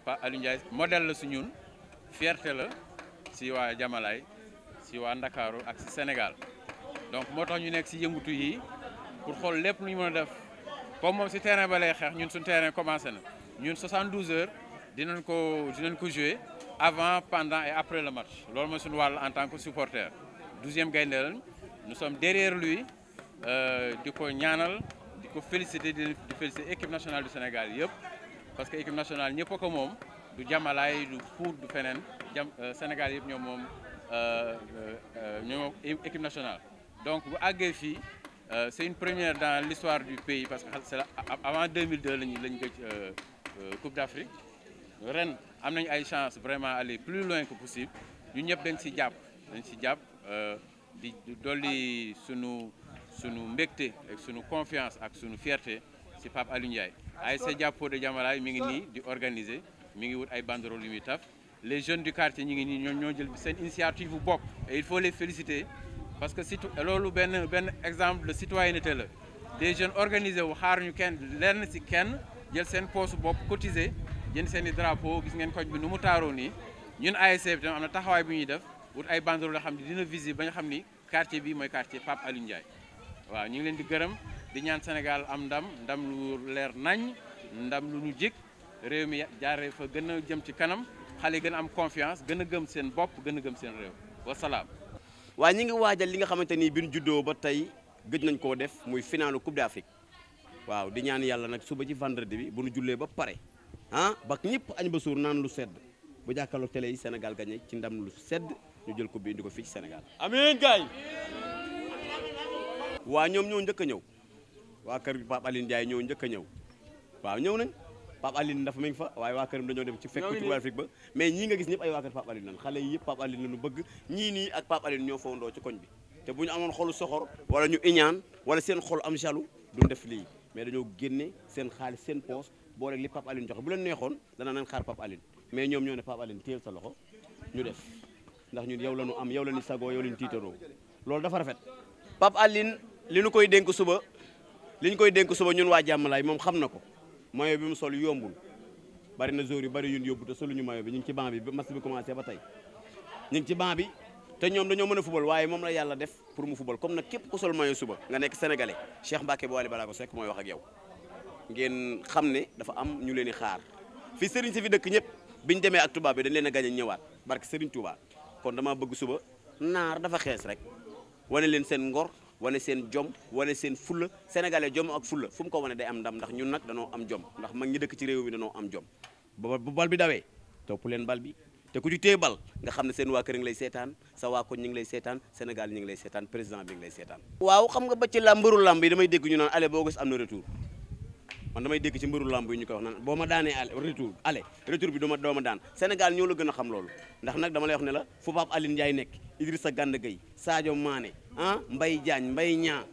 pas Aliou modèle la su fierté la si wa Jamalaay si wa Ndakaaru ak si Sénégal donc motax ñu nekk ci yëngutu yi pour xol lepp lu ñu mëna def comme mom ci terrain ba lay xeex ñun suñu terrain commencé na ñun 72 heures dinañ ko dinañ ko jouer avant pendant et après le match loolu mooy suñu en tant que supporter douzième gaynde lañ nous sommes derrière lui euh diko ñaanal diko féliciter di féliciter équipe nationale du Sénégal yépp parce que l'équipe nationale n'est pas comme moi, du Jamalay, du fuut du euh, Sénégal yëpp euh, euh équipe nationale. donc bu euh, c'est une première dans l'histoire du pays parce que avant 2002 lañu lañ la Coupe d'Afrique. Rennes ren eu la chance vraiment aller plus loin que possible Nous avons dañ si jàpp dañ si jàpp di confiance ak sunu fierté c'est Pape à Ndiaye ASC Jàppoo de Jamalaay mi ngi nii di organiser mi ngi wut ay banderole yu muy taf les jeunes du quartier ñi ngi nii ñoom ñoo jël seen initiative bu bopp et il faut les féliciter parce que surtout loolu benn benn exemple de citoyenneté la des jeunes organisés wu xaar ñu kenn lenn ci kenn jël seen poosu bopp cotiser jënd seen i drapeau gis ngeen koñ bi nu mu taaroo nii ñun ASC bi tam am na taxawaay bu ñuy def wut ay banderole yoo xam ne dina visible ba xam ni quartier bi mooy quartier pap Alioune Ndiaye waaw ñu ngi leen di gërëm di ñaan Sénégal am ndam ndam lu leer nañ ndam lu ñu jik réew mi jaaree fa gën a jëm ci kanam xale gën a am confiance gën a gëm seen bopp gën a gëm seen réew wasalaam. ñi ngi waajal li nga xamante ni bi juddoo ba tey gëj nañ koo def muy finalu coupe waaw di ñaan yàlla nag suba ci vendredi bi bu ñu jullee ba pare ah ba ñëpp añ ba suur naan lu sedd bu jàkkaarloo télé yi Sénégal ci ndam sedd ñu jël coupe bi ko fii ci Sénégal. amiin gaay waa ñoom ñoo njëkk a ñëw. waa kër Pape Aline Ndiaye ñoo njëkk a ñëw waaw ñëw nañ Pape Aline dafa mañ fa waaye waa dem ci fekk Tour Afrique ba mais ñii nga gis ñëpp ay waa kër Pape Aline lan xale yi yëpp Pape Aline bu ñu wala ñu iñaan wala seen xol am jaloux duñ def lii mais dañoo génne seen xaalis seen poos boo rek li Pape Aline joxe bu leen neexoon dana nañ xaar Pape Aline mais ñoom ñoo ne Pape Aline téel sa loxo ñu def ndax ñun yow la ñu am yow la ñu sagoo yow la ñu tiitaroo loolu dafa rafet Pape Aline li ñu koy dénk suba li koy denk suba ñun waa jàmmalaay moom xam na ko maillot bi mu sol yombul bari na jour yu bari yun yóbbu solu soluñu maillot bi ñu ngi ci banc bi match bi commencé ba tey ñu ngi ci banc bi te ñoom dañoo mën a fubal waaye moom la def pour mu fubal comme nag képp ku sol maillot suba nga nekk sénégalais Cheikh Mbacke Bouali Balago Seck mooy wax ak yow ngeen xam ne dafa am ñu leen di xaar fi sëriñ si fi dëkk ñëpp biñu demee ak tubaab bi dañ leen a gañ ñëwaat barke sëriñ Touba kon dama bëgg suba naar dafa xees rek wane leen seen ngor wane seen jom wane seen fulla sénégalais jom ak fulla fu mu ko wane day am ndam ndax ñun nag danoo am jom ndax mag ñi dëkk ci réew mi danoo am jom ba bu bal bi dawee topp leen bal bi te ku ci téye bal nga xam ne seen waa kër lay seetaan sa waa koñ ñu ngi lay seetaan Sénégal ñu ngi lay seetaan président bi ngi lay seetaan waaw xam nga ba ci la mbëru damay dégg ñu naan allez boo gis am na retour man damay dégg ci mbëru lamb yi ñu koy wax naan boo ma daanee allez retour allez retour bi duma doo ma daan Sénégal ñoo la gën a xam loolu ndax nag dama lay wax ne la fu Pape Aline Ndiaye nekk Idrissa Gana Gueye Sadio Mané ah Mbaye Diagne Mbaye Niang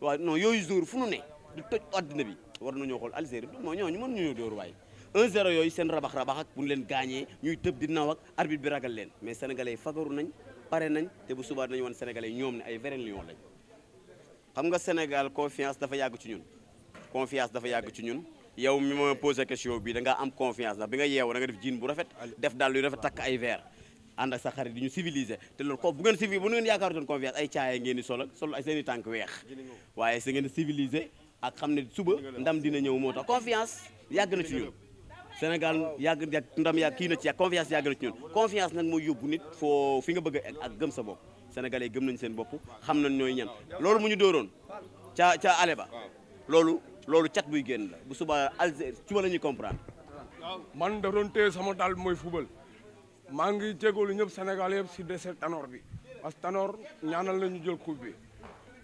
waaw non yooyu jour fu nu ne du toj àddina bi war nañoo xool Algérie moo ñooñu mën ñu dóor waaye 1-0 yooyu seen rabax-rabax ak bu ñu leen gaañee ñuy tëb di na ak arbitre bi ragal leen mais sénégalais fagaru nañ pare nañ te bu subaa dinañ wan sénégalais yi ñoom ne ay vrais lions lañ xam nga senegal confiance dafa yàgg ci ñun confiance dafa yàgg ci ñun yow mi ma posé question bi da ngaa am confiance ndax bi nga yeewoo da nga def jiin bu rafet def daal luy rafet takk ay verre ànd ak sa xarit di ñu civilisé te loolu ko bu ngeen civilisé bu ngeen yaakaarutoon confiance ay caaya ngeen di sol ak sol i tànk weex waaye si ngeen civilisé ak xam ne suba ndam dina ñëw moo tax confiance yàgg na ci ñun Sénégal yàgg yàgg ndam yàgg kii na ci yàgg confiance yàgg na ci ñun confiance nag mooy yóbbu nit foo fi nga bëgg ak gëm sa bopp sénégalais yi gëm nañ seen bopp xam nañ ñooy ñan loolu mu ñu dooroon ca ca ale ba loolu loolu cat buy génn bu suba Algérie suba la ñuy comprendre man da doon maa ngi jégalu ñëpp Sénégal yëpp si décès Tanor bi parce que Tanor ñaanal nañu jël coupe bi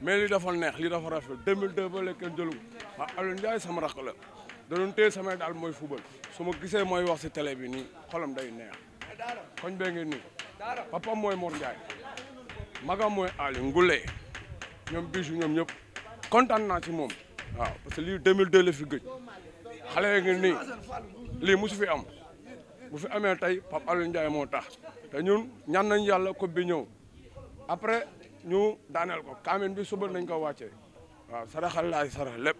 mais li dafa neex li dafa rafet 2002 ba léegi kenn jëlu waa Alioune Ndiaye sama rakk la da doon samay daal mooy football su ma gisee mooy wax si télé bi nii xolam day neex koñ bee ngi nii papa mooy Mor Ndiaye magam mooy Ali Ngoulé ñoom bisu ñoom ñëpp kontaan naa ci moom waaw parce que lii 2002 la fi gëj xale yi ngi nii lii musu fi am bu fi amee tey Pape Alioune Ndiaye moo tax te ñun ñaan nañ yàlla coupe bi ñëw après ñu daaneel ko kaamin bi suba nañ ko wàccee waaw saraxal laay sarax lépp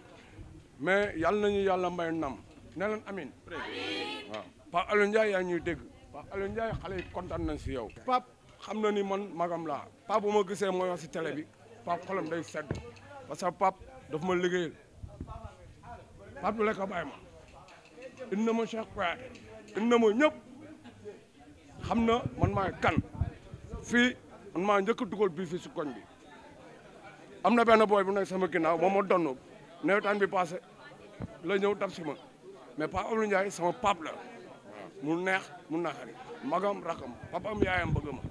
mais yàlla nañu yàlla may nam ne leen amin waaw Pape Alioune Ndiaye yaa ñuy dégg Pape Alioune Ndiaye xale yi kontaan nañ si yow Pape xam na ni man magam laa Pape bu ma gisee mooy si télé bi Pape xolam day sedd parce que Pape daf ma liggéeyal Pape du lekk bàyyi ma indi na ma Cheikh in na ma ñëpp xam na man maay kan fii man maa njëkk a dugal bii si koñ bi am na benn booy bu nekk sama ginnaaw moom ma donn nawetaan bi passé la ñëw dab si ma paa Pape Abdou Ndiaye sama pap la mu neex mu naxari magam rakam papam yaayam bëgg ma